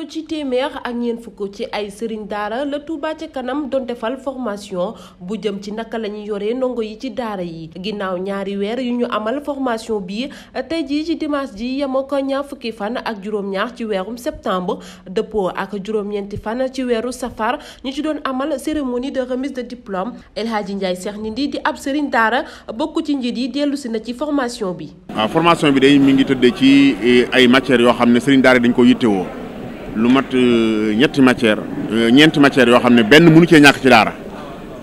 toll ci téeméer ak ñeent fukk ci ay sëriñ daara la Touba ci kanam doon defal formation bu jëm ci naka la ñuy yoree ndongo yi ci daara yi ginnaaw ñaari weer yu ñu amal formation bi tey jii ci dimanche ji yemoo ko ñaar fukki fan ak juróom-ñaar ci weeru septembre dëppoo ak juróom-ñeenti fan ci weeru safar ñi ci doon amal cérémonie de remise de diplôme El Hadji Ndiaye Cheikh Ndindi di ab sëriñ daara bokk ci njiit yi dellu si na ci formation bi. formation bi day mi ci eh, ay matières yoo xam ne sëriñ daara dañ ko yittewoo. lu mat euh, ñetti matière euh, ñeenti matière yoo xam ne benn mënu cee ñàkk ci daara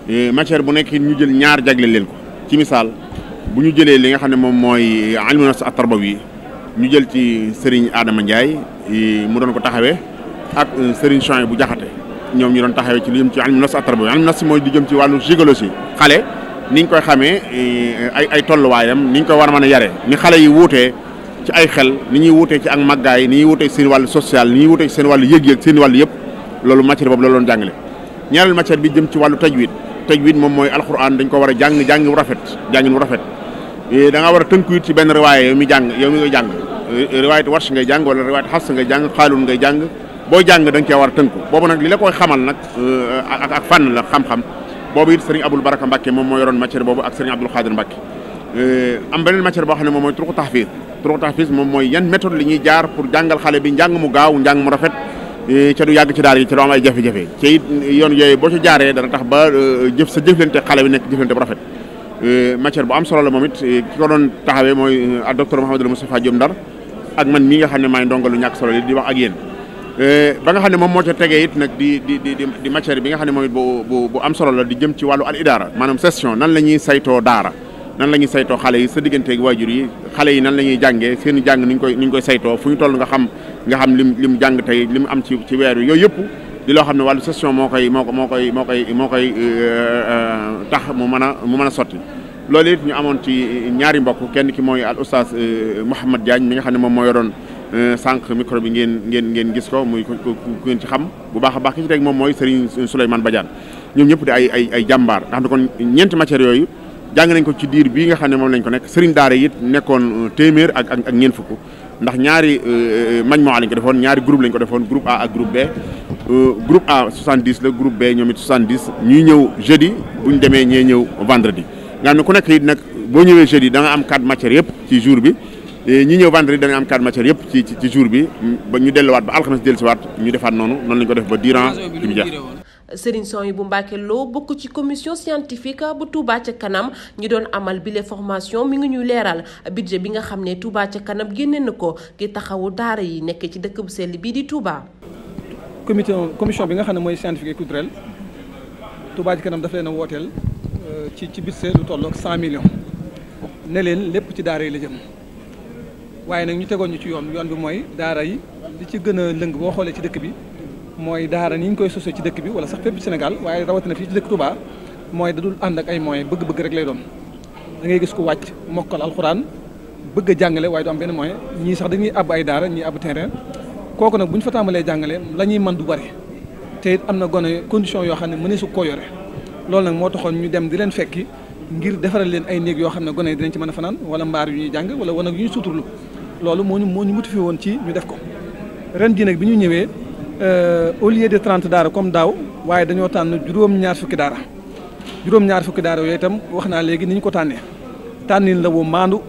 euh, matière bu nekk ñu jël ñaar jagle leen ko ci misaal bu ñu jëlee li nga xam ne moom mooy alimu nafs at-tarbawi ñu jël ci Serigne Adama Ndiaye mu doon ko taxawee ak Serigne Chouin bu jaxate ñoom ñu doon taxawee ci lu jëm ci alimu nafs at-tarbawi alimu nafs mooy di jëm ci wàllu psychologie xale niñ koy xamee ay ay tolluwaayam niñ koy war a mën a yare ni xale yi wuutee ci ay xel ni ñuy wutee ci ak màggaay ni wute wutee seen wàllu social ni wute wutee seen wàllu yëg-yëg seen wàllu yëpp loolu matière boobu la doon jàngale ñaareel matière bi jëm ci wàllu tajwid tajwid moom mooy alquran dañ ko war a jàng jàng bu rafet jàngin bu rafet eh, da war a tënku it ci benn riwaay yow mi jàng yow mi ngay jàng eh, riwaayatu warsh ngay jàng wala riwaayatu xafs ngay jàng xaalun ngay jàng boo jàng da nga cee war a tënku boobu nag li la koy xamal nag eh, ak ak fànn la xam-xam boobu it sëriñ abul baraka mbàkke moom moo boobu ak sëriñ abdul xaadir Euh, am beneen matière boo xam ne moom mooy turuqu tahfiz turuqu tahfiz moom mooy yan méthode li ñuy jaar pour jàngal xale bi njàng mu gaaw njàng mu rafet euh, ca du yàgg ci daara yi ca am ay jafe-jafe ca it yoon yooyu boo ci jaaree dana tax ba euh, jëf sa jëflante xale bi nekk jëflante bu rafet matière bu am solo la moom it ki doon taxawee mooy ak docteur Mouhamadou Moustapha Diom Ndar ak man mi nga xam ne maay ndongalu ñàkk solo li di wax ak yéen ba nga xam ne moom moo ca tegee it nag di di di di matière bi nga xam ne moom it bu bu am solo la di jëm wàllu al idaara maanaam session nan la ñuy saytoo daara nan la ñuy saytoo xale yi sa digganteeg waajur yi xale yi nan la ñuy jàngee seen jàng ni ñu koy ni koy saytoo fu ñu toll nga xam nga xam lim lim jàng tey lim am ci ci weer yooyu yëpp di loo xam ne wàllu session moo koy moo ko moo koy moo koy moo koy euh, euh, tax mu mën a mu mën a sotti loolu it ñu amoon ci ñaari mbokk kenn ki mooy al oustaz euh, Mouhamed jaañ mi nga xam ne moom moo yoroon sànq micro bi ngeen ngeen ngeen gis ko muy ku ngeen ci xam bu baax a baax ki ci teg moom mooy Serigne Souleymane Badiane ñoom ñëpp di ay ay ay jàmbaar nga kon ñeenti matières yooyu jàng nañ ko ci diir bii nga xam ne moom lañ ko nekk sëriñ daara yi it nekkoon euh, téeméer ak ak ak ñeent fukk ndax ñaari euh, euh, majmua ko defoon ñaari groupe lañ ko defoon groupe A ak groupe B groupe A 70 la groupe B ñoom it 70 ñuy ñëw jeudi bu ñu demee ñee ñëw vendredi nga xam ne ku nekk it nag boo ñëwee jeudi da nga am quatre matières yëpp ci jour bi ñi ñëw vendredi da nga am yëpp ci ci jour bi ba ñu delluwaat ba alxames dellusiwaat ñu defaat noonu noonu lañ ko def ba durant bi mu jeex yi bu Mbacké loo bokk ci commission scientifique bu Touba ca kanam ñi doon amal bile formation mi ngi ñuy leeral budget bi nga xam ne Touba ca kanam génne na ko ngir taxawu daara yi nekk ci dëkk bu sell bii di Touba. comité commission bi nga xam ne mooy scientifique et culturel Touba ca kanam daf leen a wooteel euh, ci ci budget lu tollook cent million ne leen lépp ci daara yi la jëm. waaye nag ñu tegoon ñu ci yoon yoon bi mooy daara yi li ci gën a lëng boo xoolee ci dëkk bi mooy daara ni ñu koy sosee ci dëkk bi wala sax fépp Sénégal waaye rawatina fii ci dëkk Touba mooy da ànd ak ay moyens bëgg-bëgg rek lay doon da ngay gis ko wàcc mokkal alxuraan bëgg jàngale waaye du am benn ñii sax dañuy àbb ay daara ñii àbb terrain kooku nag bu ñu fa tàmbalee jàngale la ñuy mën du bari te it am na gone condition yoo xam ne mënees su koo yore loolu nag moo taxoon ñu dem di leen fekki ngir defaral leen ay néeg yoo xam ne gone dinañ ci mën a fanaan wala mbaar yu ñuy jàng wala wanag yu ñuy suturlu loolu moo ñu moo ñu motivé woon ci ñu def ko ren ji nag bi ñu ñëwee Euh, au lieu de trente daara comme daaw waaye dañoo tànn juróom-ñaar fukki daara juróom-ñaar fukki daara yooyu itam wax naa léegi ni ñu ko tànnee tànnin la woo maandu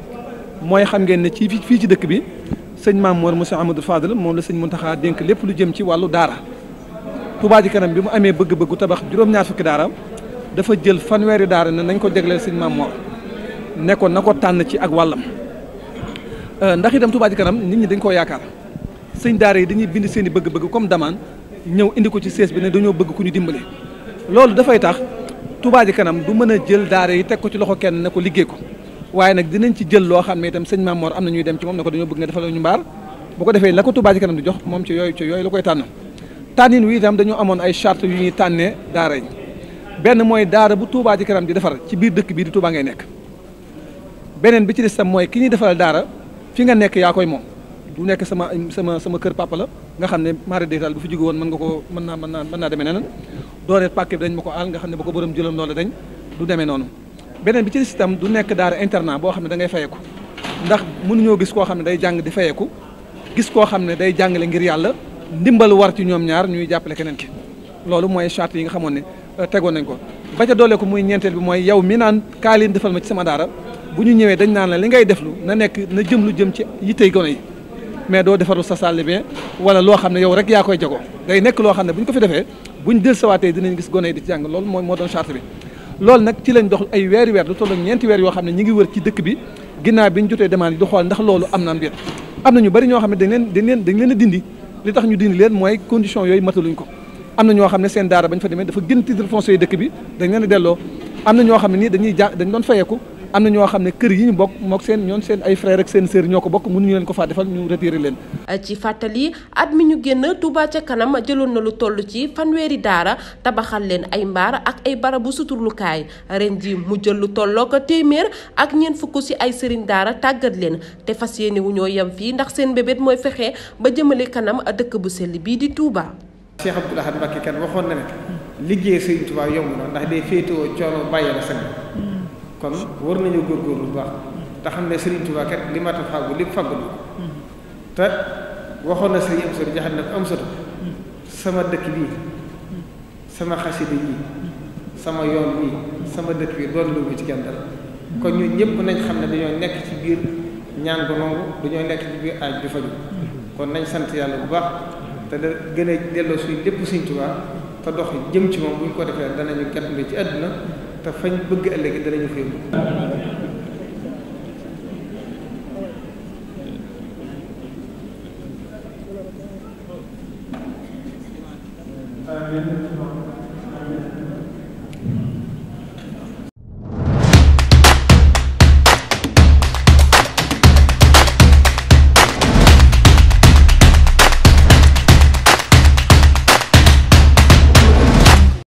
mooy xam ngeen ne ci fii fii ci dëkk bi sëñ Maam Mor Moussa Amadou Fadel moom la sëñ Mountakha dénk lépp lu jëm ci wàllu daara Touba ji kanam bi mu amee bëgg-bëggu tabax juróom-ñaar fukki daara dafa jël fanweeri daara ne nañ ko jagleel sëñ Maam Mor ne ko na ko tànn ci ak wàllam euh, ndax itam Touba ji kanam nit ñi dañ koo yaakaar. sëñ daara yi dañuy bind seeni bëgg-bëgg comme demande ñëw indi ko ci sees bi ne dañoo bëgg ku ñu dimbale loolu dafay tax Touba ji kanam du mën a jël daara yi teg ko ci loxo kenn ne ko liggéey ko waaye nag dinañ ci jël loo xam ne itam sëñ Maam Mor am na ñuy dem ci moom ne ko dañoo bëgg nga defal ñu mbaar bu ko defee la ko Touba ji kanam di jox moom ci yooyu ci yooyu la koy tànn tànnin wi itam dañoo amoon ay charte yu ñuy tànnee daara yi benn mooy daara bu Touba ji kanam di defar ci biir dëkk bii di Touba ngay nekk beneen bi ci des tam mooy ki ñuy defaral daara fi nga nekk yaa koy du nekk sama sama sama kër papa la nga xam ne mari détail bu fi jóge woon mën nga ko mën naa mën naa mën naa demee neneen dooreet pàkk bi dañ ma ko aal nga xam ne ba ko borom jëloon loola dañ du demee noonu beneen bi ci des du nekk daara internat boo xam ne da ngay fayeku ndax mënuñoo gis koo xam ne day jàng di fayeku gis koo xam ne day jàngale ngir yàlla ndimbal war ci ñoom ñaar ñuy jàppale keneen ki loolu mooy charte yi nga xamoon ne euh, tegoon nañ ko ba ca doole ko muy ñeenteel bi mooy yow mi naan kaa leen defal ci sama daara bu ñu ñëwee dañ naan la li ngay def lu na nekk na jëm lu jëm ci yittey gone yi mais doo defarul sa salle bi wala loo xam ne yow rek yaa koy jago day nekk loo xam ne bu ñu ko fi defee bu ñu dellusiwaatee dinañ gis gone yi di jàng loolu mooy moo doon charte bi loolu nag ci lañ dox ay weeri weer lu toll ak ñeenti weer yoo xam ne ñu ngi wër ci dëkk bi ginnaaw bi ñu jotee demande yi di xool ndax loolu am na mbir am na ñu bëri ñoo xam ne dañ leen dañ leen dañ leen dindi li tax ñu dindi leen mooy condition yooyu mataluñ ko am na ñoo xam ne seen daara bañ fa demee dafa gën titre foncier dëkk bi a delloo am na ñoo xam ne nii dañuy ja dañ doon fayeeku am na ñoo xam ne kër yi ñu bokk mook seen ñoom seen ay frère ak seen sœur ñoo ko bokk mënuñu leen ko faa defal ñu retiré leen. ci fàttali at mi ñu génn Touba ca kanam jëloon na lu toll ci fanweeri daara tabaxal leen ay mbaar ak ay barabu suturlukaay ren ji mu jël lu tolloog téeméer ak ñeent fukk ci ay sëriñ daara tàggat leen te fas yéene wu ñoo yem fii ndax seen bébét mooy fexe ba jëmale kanam dëkk bu sell bii di Touba. Cheikh Abdoul Ahad Mbacké kan waxoon na ne liggéey sëriñ Touba yomb na ndax day féetewoo coono bàyyi la sëñ kon war nañu góor góor lu baax te xam ne Serigne Touba kat li mat a fàggu lépp fàggu te waxoon na Serigne Amsatou na ko Amsatou sama dëkk bii sama xasida yi sama yoon bii sama dëkk bi doon lu ci kenn dara kon ñun ñëpp nañ xam ne dañoo nekk ci biir ñaan bu nangu dañoo nekk ci biir aaj du faju kon nañ sant yàlla bu baax te da gën a delloo suy lépp Serigne Touba te dox jëm ci moom bu ñu ko defee danañu gàttale ci àdduna te fañ bëgg ëllëg gi danañu